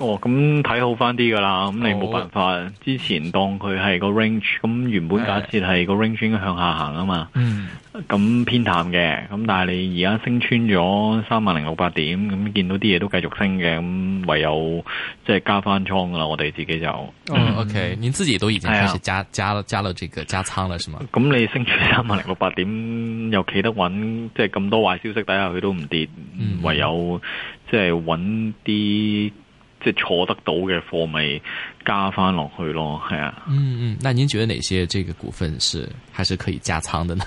哦，咁睇好翻啲噶啦，咁你冇辦法，哦、之前當佢係個 range，咁、嗯、原本假設係個 range 應該向下行啊嘛，咁、嗯、偏淡嘅，咁但係你而家升穿咗三萬零六百點，咁見到啲嘢都繼續升嘅，咁唯有即係、就是、加翻倉噶啦，我哋自己就，嗯，嗯，OK，你自己都已經開始加加了、啊、加了這個加倉啦是嗎？咁你升穿三萬零六百點又企得穩，即係咁多壞消息底下佢都唔跌，嗯、唯有即係揾啲。就是即係坐得到嘅貨咪。加翻落去咯，係啊，嗯嗯，那您覺得哪些這個股份是還是可以加倉的呢？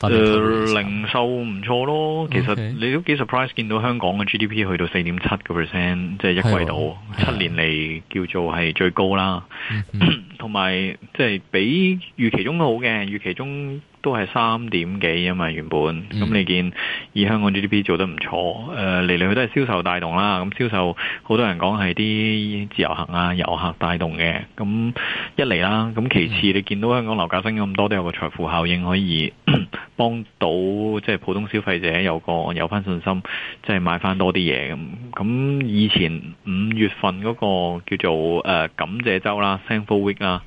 呃、零售唔錯咯，其實你都幾 surprise 見到香港嘅 GDP 去到四點七個 percent，即係一季度，哎，呦七年嚟，叫做係最高啦。同埋即係比預期中都好嘅，預期中都係三點幾啊嘛，原本咁，嗯，你見以香港 GDP 做得唔錯，誒嚟嚟去都係銷售帶動啦，咁銷售好多人講係啲自由行啊、遊客。帶動嘅，咁一嚟啦，咁其次你見到香港樓價升咁多，都有個財富效應可以幫 到，即係普通消費者有個有翻信心，即係買翻多啲嘢咁。咁以前五月份嗰個叫做誒、呃、感謝周啦 Sample Week 啦，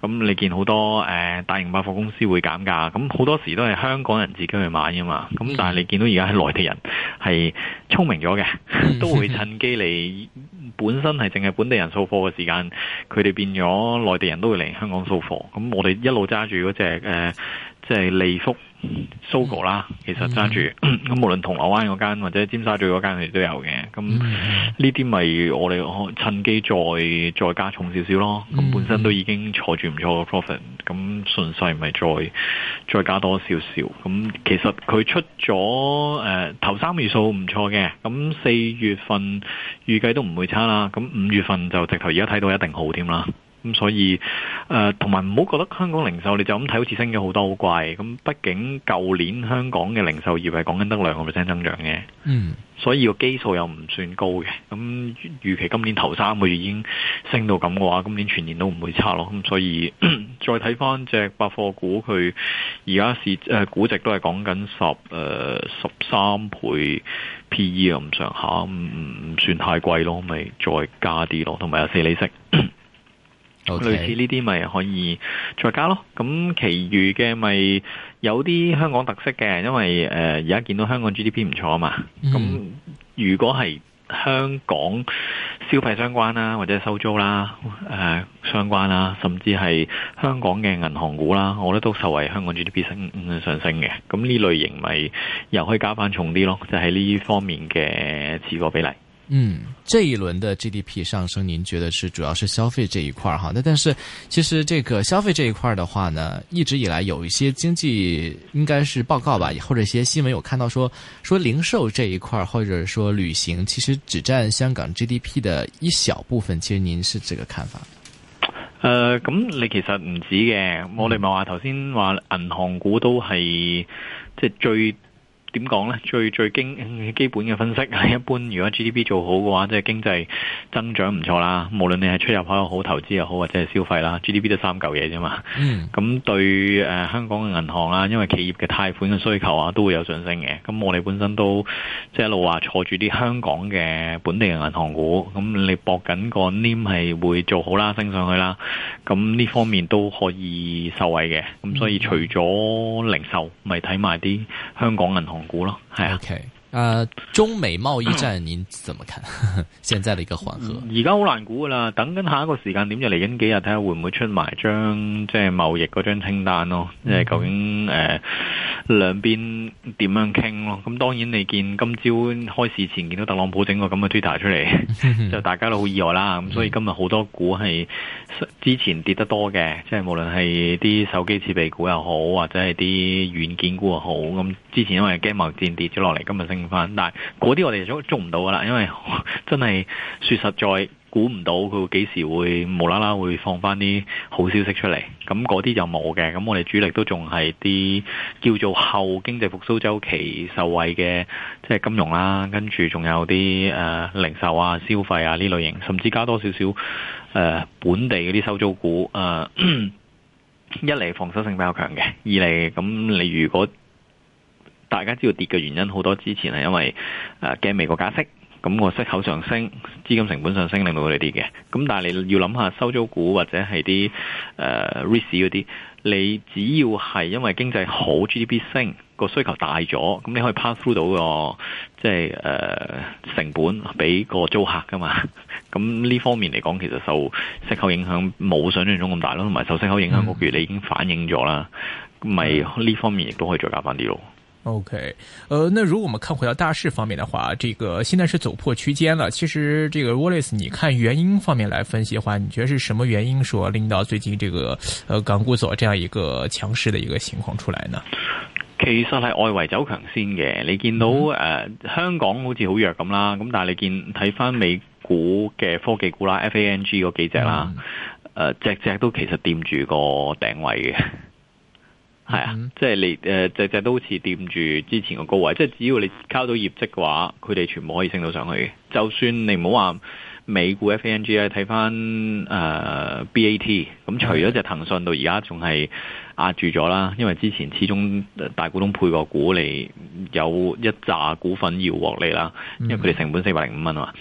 咁你見好多誒、呃、大型百貨公司會減價，咁好多時都係香港人自己去買噶嘛。咁但係你見到而家係內地人係聰明咗嘅，都會趁機嚟。 本身係淨係本地人掃貨嘅時間，佢哋變咗內地人都會嚟香港掃貨。咁我哋一路揸住嗰隻誒，即係利福。Sogo 啦，S S 其實揸住咁，mm hmm. 無論銅鑼灣嗰間或者尖沙咀嗰間，佢都有嘅。咁呢啲咪我哋趁機再再加重少少咯。咁本身都已經坐住唔錯嘅 profit，咁順勢咪再再加多少少。咁其實佢出咗誒、呃、頭三月數唔錯嘅，咁四月份預計都唔會差啦。咁五月份就直頭而家睇到一定好添啦。咁所以，誒同埋唔好覺得香港零售你就咁睇好似升咗好多好貴。咁畢竟舊年香港嘅零售業係講緊得兩個 percent 增長嘅，嗯，所以個基數又唔算高嘅。咁預期今年頭三個月已經升到咁嘅話，今年全年都唔會差咯。咁所以再睇翻隻百貨股，佢而家市誒估、呃、值都係講緊十誒十三倍 P E 啊，咁上下，唔算太貴咯。咪再加啲咯，同埋有四厘息。Okay. 類似呢啲咪可以再加咯，咁其餘嘅咪有啲香港特色嘅，因為誒而家見到香港 GDP 唔錯啊嘛，咁、mm. 如果係香港消費相關啦，或者收租啦，誒、呃、相關啦，甚至係香港嘅銀行股啦，我覺得都受惠香港 GDP 升上升嘅，咁呢類型咪又可以加翻重啲咯，就係、是、呢方面嘅持股比例。嗯，這一輪的 GDP 上升，您覺得是主要是消費這一塊兒哈？那但是其實這個消費這一塊兒的話呢，一直以來有一些經濟應該是報告吧，或者一些新聞有看到說說零售這一塊兒，或者說旅行，其實只佔香港 GDP 的一小部分。其實您是這個看法？呃，咁你其實唔止嘅，我哋咪話頭先話銀行股都係即係最。點講呢？最最經基本嘅分析一般，如果 GDP 做好嘅話，即係經濟增長唔錯啦。無論你係出入口又好，投資又好，或者係消費啦，GDP 都三嚿嘢啫嘛。咁、mm. 對誒香港嘅銀行啊，因為企業嘅貸款嘅需求啊，都會有上升嘅。咁我哋本身都即、就是、一路話坐住啲香港嘅本地嘅銀行股，咁你搏緊個 NIM 係會做好啦，升上去啦。咁呢方面都可以受惠嘅。咁所以除咗零售，咪睇埋啲香港銀行，港股咯，係啊。Okay. 啊、呃，中美貿易戰您怎麼看？ 現在的一個緩和？而家好難估噶啦，等緊下一個時間點就嚟緊幾日，睇下會唔會出埋張即係貿易張清單咯，即係究竟誒，兩邊點樣傾咯？咁當然你見今朝開市前見到特朗普整個咁嘅 Twitter 出嚟， 就大家都好意外啦。咁所以今日好多股係之前跌得多嘅，即係無論係啲手機設備股又好，或者係啲軟件股又好，咁之前因為驚貿易戰跌咗落嚟，今日升。但係，嗰啲我哋就捉唔到噶啦，因為真係說實在估唔到佢幾時會無啦啦會放翻啲好消息出嚟，咁嗰啲就冇嘅。咁我哋主力都仲係啲叫做後經濟復蘇周期受惠嘅，即係金融啦，跟住仲有啲誒零售啊、消費啊呢類型，甚至加多少少誒本地嗰啲收租股。誒， 一嚟防守性比較強嘅，二嚟咁你如果。大家知道跌嘅原因好多，之前係因為誒驚、啊、美國加息，咁、個息口上升，資金成本上升，令到佢哋跌嘅。咁但係你要諗下，收租股或者係啲誒 risk 嗰啲，你只要係因為經濟好，GDP 升，個需求大咗，咁你可以 pass through 到、個即係誒成本俾個租客噶嘛。咁呢方面嚟講，其實受息口影響冇想像中咁大咯，同埋受息口影響，個月你已經反映咗啦，咪呢、嗯、方面亦都可以再加翻啲咯。OK，呃，那如果我們看回到大市方面的話，這個現在是走破區間了。其實這個 Wallace，你看原因方面來分析的話，你覺得是什麼原因說令到最近這個，呃，港股所這樣一個強勢的一個情況出來呢？其實係外圍走強先嘅，你見到誒、嗯呃、香港好似好弱咁啦，咁但係你見睇翻美股嘅科技股啦，FANG 嗰幾隻啦，誒、嗯，只隻、呃、都其實掂住個頂位嘅。係啊，即係你誒隻隻都好似掂住之前個高位，即係只要你交到業績嘅話，佢哋全部可以升到上去嘅。就算你唔好話美股 FANG 咧，睇、呃、翻誒 BAT，咁除咗隻騰訊到而家仲係壓住咗啦，因為之前始終大股東配個股嚟有一扎股份要獲利啦，因為佢哋成本四百零五蚊啊嘛。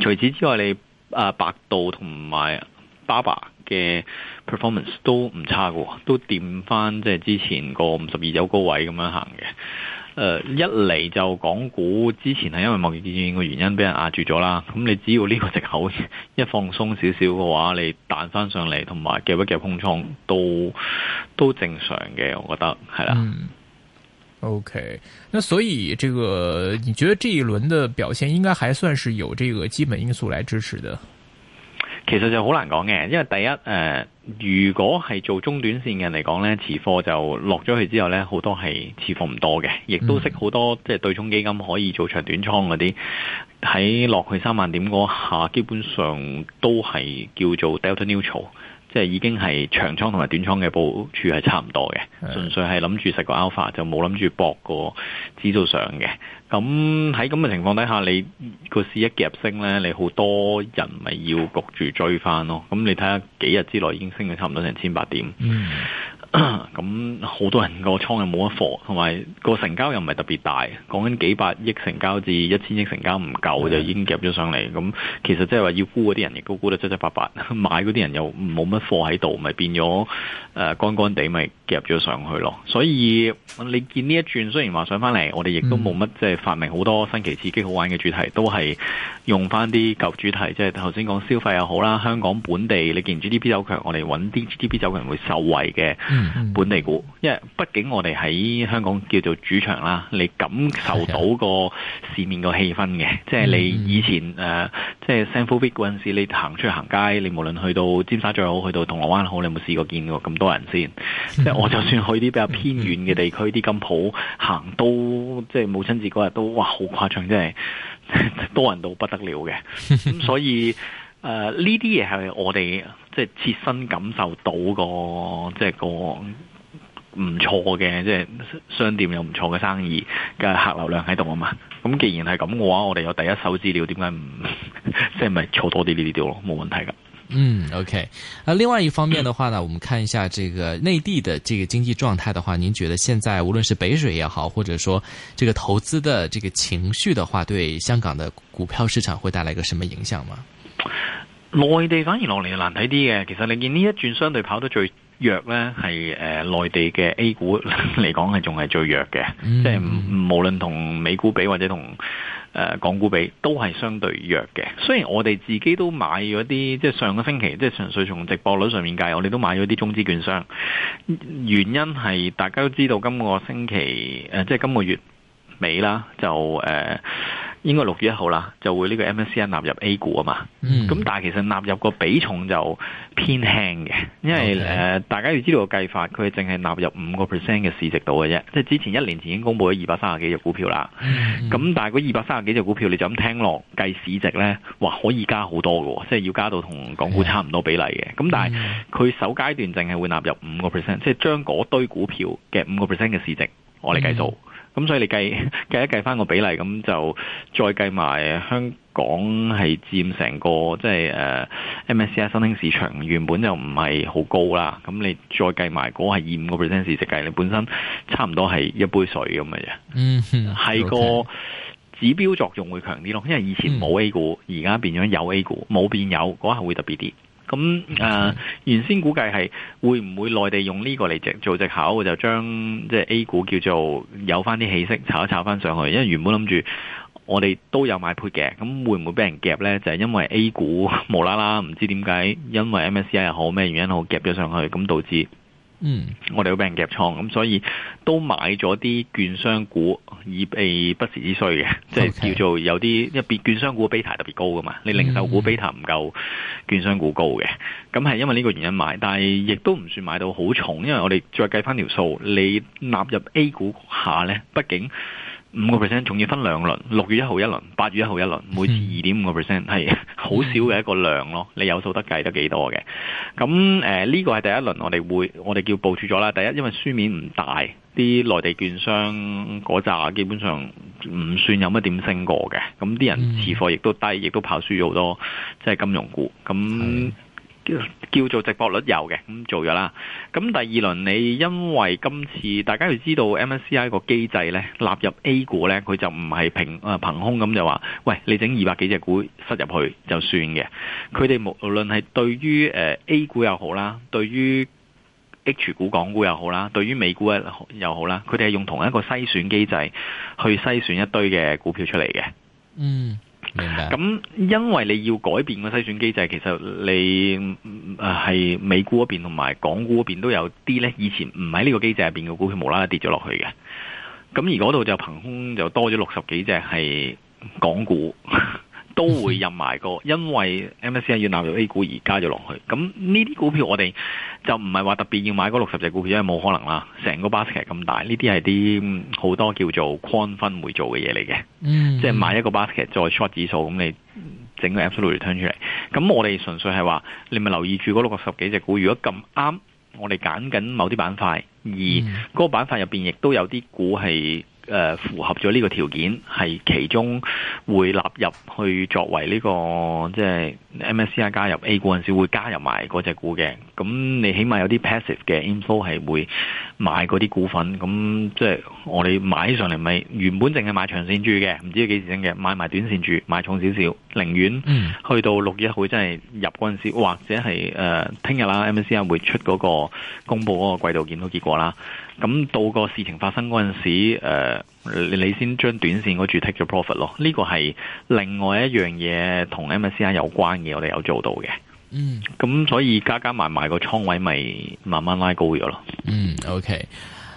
除此之外，你誒、呃、百度同埋。爸爸嘅 performance 都唔差嘅，都掂翻即係之前個五十二周高位咁樣行嘅。誒、呃，一嚟就港股之前係因為貿易戰嘅原因俾人壓住咗啦。咁你只要呢個借口一放鬆少少嘅話，你彈翻上嚟同埋夾一夾空倉都都正常嘅，我覺得係啦。嗯、okay，那所以，這個，你覺得這一輪嘅表現應該還算是有這個基本因素來支持的。其實就好難講嘅，因為第一，呃、如果係做中短線嘅人嚟講呢，持貨就落咗去之後呢，好多係持貨唔多嘅，亦都識好多即係、就是、對沖基金可以做長短倉嗰啲，喺落去三萬點嗰下，基本上都係叫做 Delta Neutral。即係已經係長倉同埋短倉嘅部署係差唔多嘅，純粹係諗住食個 alpha 就冇諗住博個指數上嘅。咁喺咁嘅情況底下，你個市一夾升呢，你好多人咪要焗住追翻咯。咁你睇下幾日之內已經升咗差唔多成千八點。嗯。咁好 多人個倉又冇乜貨，同埋個成交又唔係特別大。講緊幾百億成交至一千億成交唔夠，就已經夾咗上嚟。咁其實即係話要沽嗰啲人，亦都沽得七七八八。買嗰啲人又冇乜貨喺度，咪變咗誒、呃、乾乾地，咪夾咗上去咯。所以你見呢一轉，雖然話上翻嚟，我哋亦都冇乜即係發明好多新奇刺激好玩嘅主題，都係用翻啲舊主題。即係頭先講消費又好啦，香港本地你見 GDP 走強，我哋揾啲 GDP 走強會受惠嘅。嗯嗯、本地股，因為畢竟我哋喺香港叫做主場啦，你感受到個市面個氣氛嘅，是的即係你以前誒、嗯呃，即係聖富匯嗰陣時候，你行出去行街，你無論去到尖沙咀好，去到銅鑼灣好，你有冇試過見過咁多人先？嗯、即係我就算去啲比較偏遠嘅地區，啲金鋪行都，即係母親節嗰日都，哇，好誇張，真係多人到不得了嘅。咁、嗯、所以誒，呢啲嘢係我哋。即係切身感受到個即係個唔錯嘅，即係商店有唔錯嘅生意嘅客流量喺度啊嘛。咁既然係咁嘅話，我哋有第一手資料，點解唔即係咪坐多啲呢啲料咯？冇問題噶。嗯，OK。啊，另外一方面嘅話呢，我哋看一下呢個內地嘅這個經濟狀態嘅話，您覺得現在無論係北水也好，或者說這個投資嘅情緒嘅話，對香港嘅股票市場會帶來一個什麼影響嗎？內地反而落嚟難睇啲嘅，其實你見呢一轉相對跑得最弱呢係、呃、內地嘅 A 股嚟講係仲係最弱嘅，mm hmm. 即係無論同美股比或者同、呃、港股比都係相對弱嘅。雖然我哋自己都買咗啲，即係上個星期即係純粹從值博率上面計，我哋都買咗啲中資券商。原因係大家都知道，今個星期、呃、即係今個月尾啦，就、呃應該六月一號啦，就會呢個 MSCI 納入 A 股啊嘛。咁、mm hmm. 但係其實納入個比重就偏輕嘅，因為誒 Okay.、呃、大家要知道個計法，佢係淨係納入五個 percent 嘅市值度嘅啫。即係之前一年前已經公布咗二百三十幾隻股票啦。咁、mm hmm. 但係嗰二百三十幾隻股票，你就咁聽落計市值咧，哇可以加好多喎，即係要加到同港股差唔多比例嘅。咁、mm hmm. 但係佢首階段淨係會納入五個 percent，即係將嗰堆股票嘅五個 percent 嘅市值計，我嚟計數。Hmm. 咁 所以你計計一計翻個比例，咁就再計埋香港係佔成個即係、uh, MSCI 新興市場原本就唔係好高啦。咁你再計埋嗰係二五個 percent 市值計，你本身差唔多係一杯水咁嘅嘢。嗯、mm，係、hmm. okay. 個指標作用會強啲咯，因為以前冇 A 股，而家變咗有 A 股，冇、mm hmm. 變，變有嗰係會特別啲。咁誒、呃、原先估計係會唔會內地用呢個嚟做借口，就將即係 A 股叫做有翻啲氣息，炒一炒翻上去。因為原本諗住我哋都有買配嘅，咁會唔會俾人夾呢？就係、是、因為 A 股無啦啦唔知點解，因為 MSCI 又好咩原因好夾咗上去，咁導致。嗯，我哋有病夾倉，咁所以都買咗啲券商股，以備、欸、不時之需嘅，即係叫做有啲，因為券商股比 b 特別高噶嘛，你零售股比 e 唔夠券商股高嘅，咁係因為呢個原因買，但係亦都唔算買到好重，因為我哋再計翻條數，你納入 A 股下呢，畢竟。五個 percent，仲要分兩輪，六月一號一輪，八月一號一輪，每次二點五個 percent，係好少嘅一個量咯。你有數得計得幾多嘅？咁誒呢個係第一輪，我哋會我哋叫部署咗啦。第一，因為書面唔大，啲內地券商嗰紮基本上唔算有乜點升過嘅。咁啲人持貨亦都低，亦都跑輸咗好多，即係金融股咁。那叫做直播率有嘅咁做咗啦。咁第二輪你因為今次大家要知道 MSCI 個機制呢，納入 A 股呢，佢就唔係憑誒憑空咁就話，喂你整二百幾隻股塞入去就算嘅。佢哋無論係對於誒 A 股又好啦，對於 H 股港股又好啦，對於美股又好啦，佢哋係用同一個篩選機制去篩選一堆嘅股票出嚟嘅。嗯。咁，因為你要改變個篩選機制，其實你係美股嗰邊同埋港股嗰邊都有啲呢。以前唔喺呢個機制入邊嘅股票無啦啦跌咗落去嘅。咁而嗰度就憑空就多咗六十幾隻係港股。 都會入埋個，因為 MSCA 要納入 A 股而加咗落去。咁呢啲股票我哋就唔係話特別要買嗰六十隻股票，因為冇可能啦。成個 basket 咁大，呢啲係啲好多叫做框分會做嘅嘢嚟嘅。嗯，即係買一個 basket 再 short 指數，咁你整個 absolute return 出嚟。咁我哋純粹係話，你咪留意住嗰六十幾隻股。如果咁啱，我哋揀緊某啲板塊，而嗰個板塊入面亦都有啲股係。誒符合咗呢個條件，係其中會納入去作為呢、這個即係、就是、MSCI 加入 A 股嗰陣時會加入埋嗰隻股嘅。咁你起碼有啲 passive 嘅 info 係會買嗰啲股份。咁即係我哋買上嚟咪原本淨係買長線住嘅，唔知幾時升嘅，買埋短線住，買重少少，寧願去到六月一號真係入嗰陣時，或者係誒聽、呃、日啦，MSCI 會出嗰個公佈嗰個季度檢討結果啦。咁到個事情發生嗰陣時，呃，你先將短線嗰注 take 咗 profit 咯。呢個係另外一樣嘢同 MSCI 有關嘅，我哋有做到嘅。嗯，咁所以加加埋埋個倉位咪慢慢拉高咗咯。嗯，OK。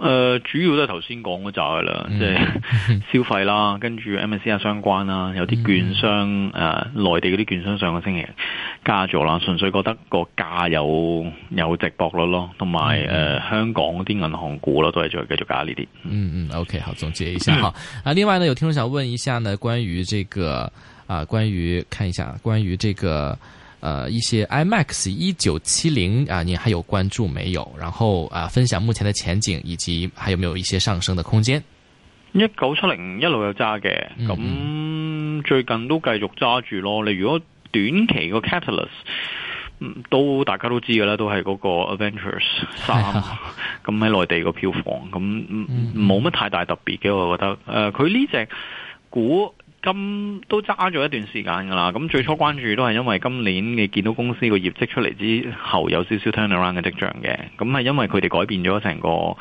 誒、呃，主要都係頭先講嘅啦，即、就、係、是、消費啦，嗯、跟住 MSCI 相關啦，有啲券商誒，內、嗯呃、地嗰啲券商上個星期加咗啦，純粹覺得個價有有值博率咯，同埋誒香港嗰啲銀行股咯，都係再繼續加呢啲、嗯。嗯嗯，OK，好，總結一下哈。啊， 另外呢，有聽眾想問一下呢，關於呢個啊、呃，關於看一下，關於呢個。呃，一些 IMAX 一九七零啊，你還有關注沒有？然後啊，分享目前的前景，以及還有沒有一些上升的空間？一九七零一路有揸嘅，咁最近都繼續揸住咯。你如果短期個 catalyst，都大家都知噶啦，都係嗰個 Avengers 三、哎喲，咁喺內地個票房，咁冇乜太大特別嘅，我覺得。誒、呃，佢呢隻股。估咁都揸咗一段時間噶啦，咁最初關注都係因為今年你見到公司個業績出嚟之後有少少 turnaround 嘅跡象嘅，咁係因為佢哋改變咗成個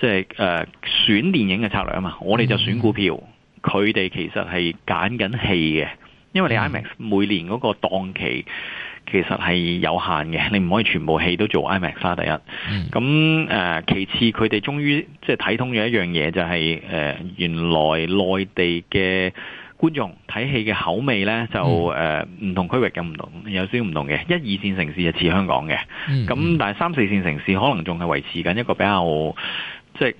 即係誒選電影嘅策略啊嘛，我哋就選股票，佢哋、嗯、其實係揀緊戲嘅，因為你 IMAX 每年嗰個檔期。其實係有限嘅，你唔可以全部戲都做 IMAX 啦。第一。咁誒、mm. 呃，其次佢哋終於即係睇通咗一樣嘢，就係、是、誒、呃，原來內地嘅觀眾睇戲嘅口味呢，就誒唔、呃 mm. 同區域有唔同，有少少唔同嘅。一、二線城市就似香港嘅，咁、mm. 但係三四線城市可能仲係維持緊一個比較即係。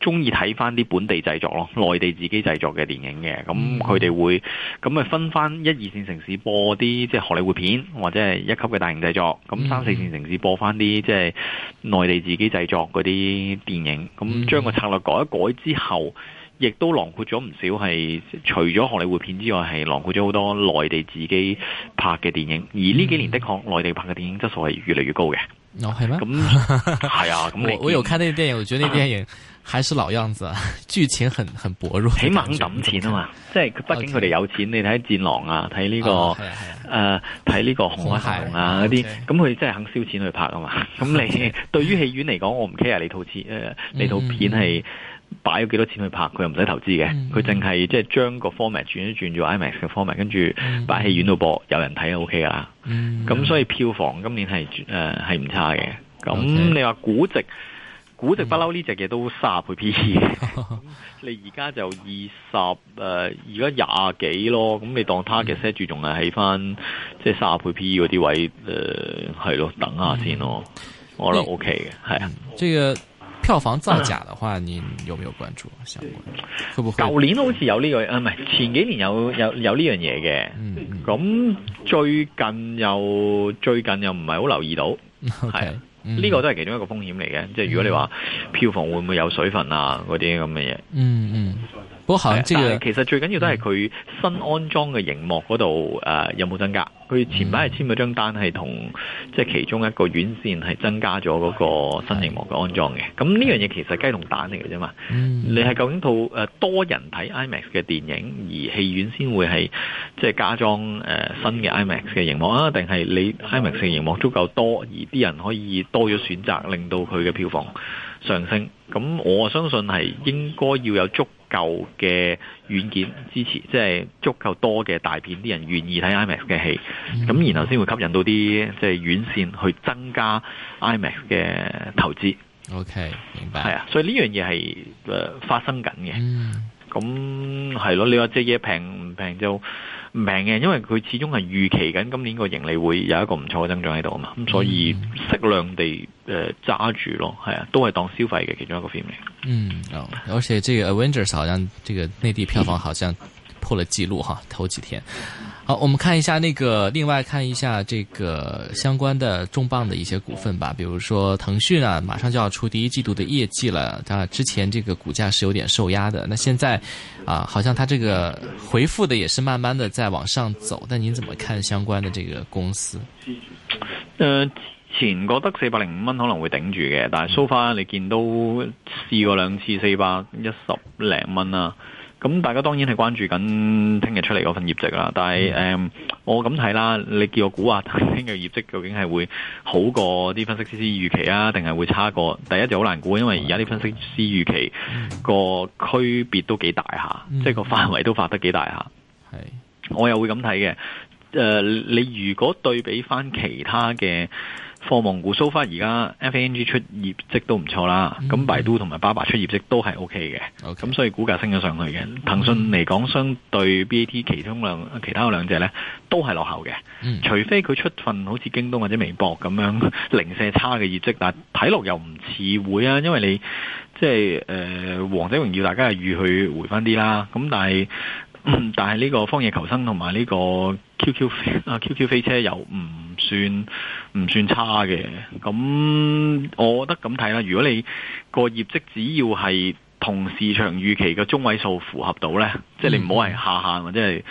中意睇翻啲本地製作咯，內地自己製作嘅電影嘅，咁佢哋會咁咪分翻一、二線城市播啲即係荷里活片，或者係一級嘅大型製作；咁、mm hmm. 三四線城市播翻啲即係內地自己製作嗰啲電影。咁將個策略改一改之後，亦都囊括咗唔少係除咗荷里活片之外，係囊括咗好多內地自己拍嘅電影。而呢幾年的確，mm hmm. 內地拍嘅電影質素係越嚟越高嘅。哦係咩？係啊，咁我我有睇呢啲電影，我覺得呢啲電影還是老樣子，劇情很很薄弱。起碼抌錢啊嘛，即係佢畢竟佢哋有錢，你睇《戰狼》啊，睇呢個，誒，睇呢個《紅海行動》啊嗰啲，咁佢真係肯燒錢去拍啊嘛。咁你對於戲院嚟講，我唔 care 你套片，誒，你套片係。擺咗幾多錢去拍，佢又唔使投資嘅，佢淨係即係將個 format 轉一轉咗 IMAX 嘅 format，跟住擺戲院度播，有人睇就 OK 噶啦咁、嗯、所以票房今年係誒係唔差嘅。咁你話估值，估值不嬲呢隻嘢都卅倍 PE、哦、 你而家就二十誒，而家廿幾咯。咁你當 target set 仲係喺翻即係卅倍 PE 嗰啲位誒，係、呃、咯，等下先咯。我覺得 OK 嘅，係啊。票房造假的話你有沒有關注？想過，會不會？舊年好似有呢個，唔係，前幾年有有有呢樣嘢嘅，咁、嗯嗯、最近又最近又唔係好留意到，係呢個都係其中一個風險嚟嘅，即係、嗯、如果你話票房會唔會有水分啊嗰啲咁嘅嘢，嗯嗯。但係其實最緊要都係佢新安裝嘅熒幕嗰度，誒有冇增加？佢前排係簽咗張單，係同即係其中一個院線係增加咗嗰個新熒幕嘅安裝嘅。咁呢樣嘢其實是雞同蛋嚟嘅啫嘛。你係究竟套誒多人睇 IMAX 嘅電影，而戲院先會係即係加裝誒新嘅 IMAX 嘅熒幕啊？定係你 IMAX 嘅熒幕足夠多，而啲人可以多咗選擇，令到佢嘅票房上升？咁我相信係應該要有足。舊嘅軟件支持，即係足夠多嘅大片，啲人願意睇 IMAX 嘅戲，咁、mm hmm. 然後先會吸引到啲即係院線去增加 IMAX 嘅投資。OK，明白。係啊，所以呢樣嘢係誒發生緊嘅。咁係咯，你話隻嘢平唔平就？唔明嘅，因為佢始終係預期緊今年個盈利會有一個唔錯嘅增長喺度啊嘛，咁所以適量地誒揸、呃、住咯，係啊，都係當消費嘅其中一個方面。嗯、哦，而且這個 Avengers 好像，這個內地票房好像破了紀錄哈，嗯、頭幾天。好、啊，我們看一下那個，另外看一下這個相關的重磅的一些股份吧，比如說騰訊啊，馬上就要出第一季度的業績了，它之前這個股價是有點受壓的，那現在，啊，好像它這個回復的也是慢慢的在往上走，但您怎麼看相關的這個公司？呃，前覺得四百零五蚊可能會頂住嘅，但係收翻你見都試過兩次四百一十零蚊啊。咁大家當然係關注緊聽日出嚟嗰份業績啦，但係誒、嗯嗯、我咁睇啦，你叫我估下，聽日業績究竟係會好過啲分析師預期啊，定係會差過？第一就好難估，因為而家啲分析師預期個區別都幾大下，嗯、即係個範圍都發得幾大下。係、嗯，我又會咁睇嘅。誒、呃，你如果對比返其他嘅。放蒙古，收翻而家 F.A.N.G 出業績都唔錯啦。咁百度同埋爸爸出業績都係 O.K. 嘅，咁所以股價升咗上去嘅。騰、mm. 訊嚟講，相對 B.A.T. 其中兩其他兩隻咧都係落後嘅，mm. 除非佢出份好似京東或者微博咁樣 零舍差嘅業績，但睇落又唔似會啊。因為你即係誒《王者榮耀》，大家係預去回翻啲啦。咁但係但係呢個《荒野求生》同埋呢個 QQ 啊 QQ 飛車又唔。唔算，唔算差嘅？咁我覺得咁睇啦。如果你個業績只要係同市場預期嘅中位數符合到呢，嗯、即係你唔好係下限或者係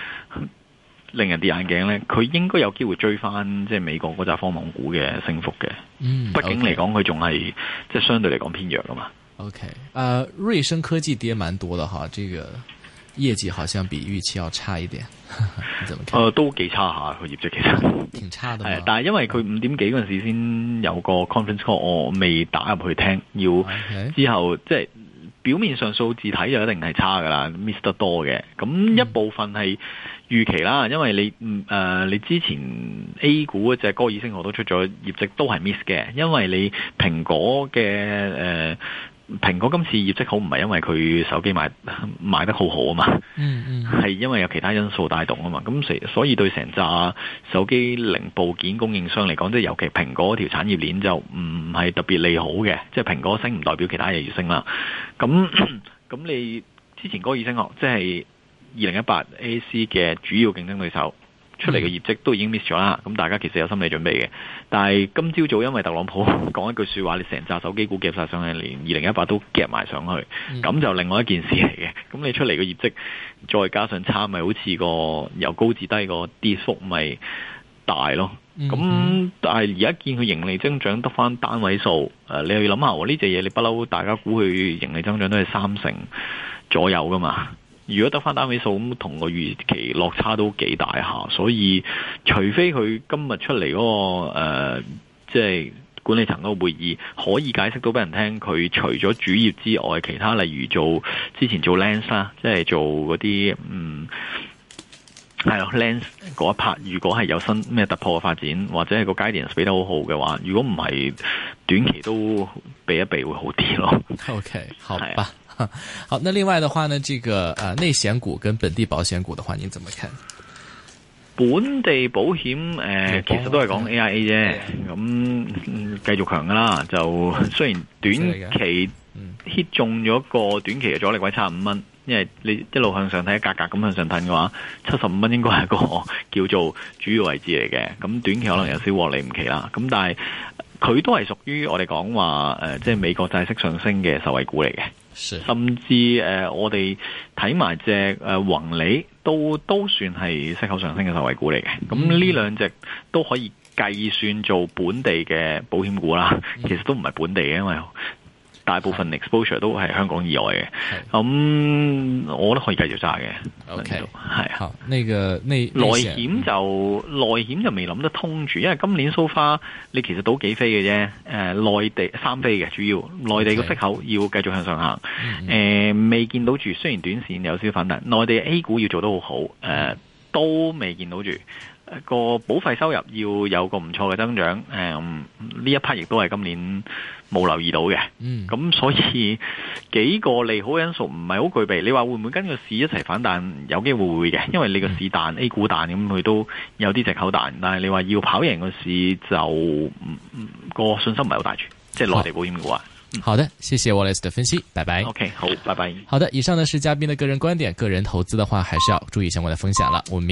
令人跌眼鏡呢，佢應該有機會追翻即係美國嗰紮科網股嘅升幅嘅。嗯，okay、畢竟嚟講佢仲係即係相對嚟講偏弱啊嘛。O、okay. K、uh, 瑞聲科技跌蠻多啦，吓，這個。業績好像比預期要差一點，你怎麼看？誒、啊，都幾差下、啊、佢業績其實、啊，挺差的。但係因為佢五點幾嗰陣時先有個 conference call，我未打入去聽，要之後、哎、即係表面上數字睇就一定係差㗎喇、嗯、miss 得多嘅。咁一部分係預期啦，因為你誒、呃、你之前 A 股嗰隻歌爾聲學都出咗業績都係 miss 嘅，因為你蘋果嘅誒。呃蘋果今次業績好唔係因為佢手機賣賣得好好啊嘛，係、嗯嗯、因為有其他因素帶動啊嘛。咁所以對成扎手機零部件供應商嚟講，即係尤其蘋果嗰條產業鏈就唔係特別利好嘅。即係蘋果升唔代表其他嘢要升啦。咁咁你之前嗰個歌爾聲學，即係二零一八 A C 嘅主要競爭對手。出嚟嘅業績都已經 miss 咗啦，咁大家其實有心理準備嘅。但係今朝早早因為特朗普講一句說話，你成紮手機股夾晒上去，連二零一八都夾埋上去，咁就另外一件事嚟嘅。咁你出嚟嘅業績，再加上差，咪好似個由高至低個跌幅咪大咯。咁、mm hmm. 但係而家見佢盈利增長得翻單位數，誒，你去諗下喎？呢隻嘢你不嬲大家估佢盈利增長都係三成左右噶嘛？如果得翻單位數咁，同個預期落差都幾大下。所以除非佢今日出嚟嗰、嗰個即係、呃即係、管理層嗰個會議可以解釋到俾人聽，佢除咗主業之外，其他例如做之前做 Lens 啦、啊，即係做嗰啲嗯，係咯 Lens 嗰一 part，如果係有新咩突破嘅發展，或者係個 guidance 比得好好嘅話，如果唔係短期都避一避會好啲咯。OK，好啊。啊、好，那另外的話呢？這個，呃、啊，內險股跟本地保險股的話，你怎麼看？本地保險，誒、呃，嗯、其實都係講 AIA 啫。咁繼、嗯嗯、續強㗎啦，就、嗯、雖然短期、嗯、hit 中咗個短期嘅阻力位七十五蚊，因為你一路向上睇價格咁向上睇嘅話，七十五蚊應該係個叫做主要位置嚟嘅。咁短期可能有少獲利唔奇啦。咁但係佢、呃、都係屬於我哋講話，誒、呃，即係美國債息上升嘅受惠股嚟嘅。甚至誒、呃，我哋睇埋隻誒宏利都都算係息口上升嘅受惠股嚟嘅。咁呢兩隻都可以計算做本地嘅保險股啦。其實都唔係本地嘅，因為。大部分 exposure 都係香港以外嘅，咁的、嗯、我都可以繼續揸嘅。O K，係啊。好，呢個、呢內險就內險就未諗得通住，因為今年 so far 你其實都幾飛嘅啫。誒、呃，內地三飛嘅主要，內地個息口要繼續向上行。誒 Okay,、呃，未見到住，雖然短線有少反彈，內地 A 股要做得好好，誒、呃，都未見到住。個保費收入要有個唔錯嘅增長。誒、呃，呢一 part 亦都係今年。冇留意到嘅，咁、嗯、所以幾個利好因素唔係好具備。你話會唔會跟個市一齊反彈？有機會會嘅，因為你個市彈、嗯、，A 股彈，咁佢都有啲藉口彈。但係你話要跑贏個市就、嗯，就個信心唔係好大住。即係內地保險嘅話，好,嗯、好的，謝謝 Wallace 的分析，拜拜。OK，好，拜拜。好的，以上呢是嘉賓的個人觀點，個人投資的話，還是要注意相關的風險啦。我們明。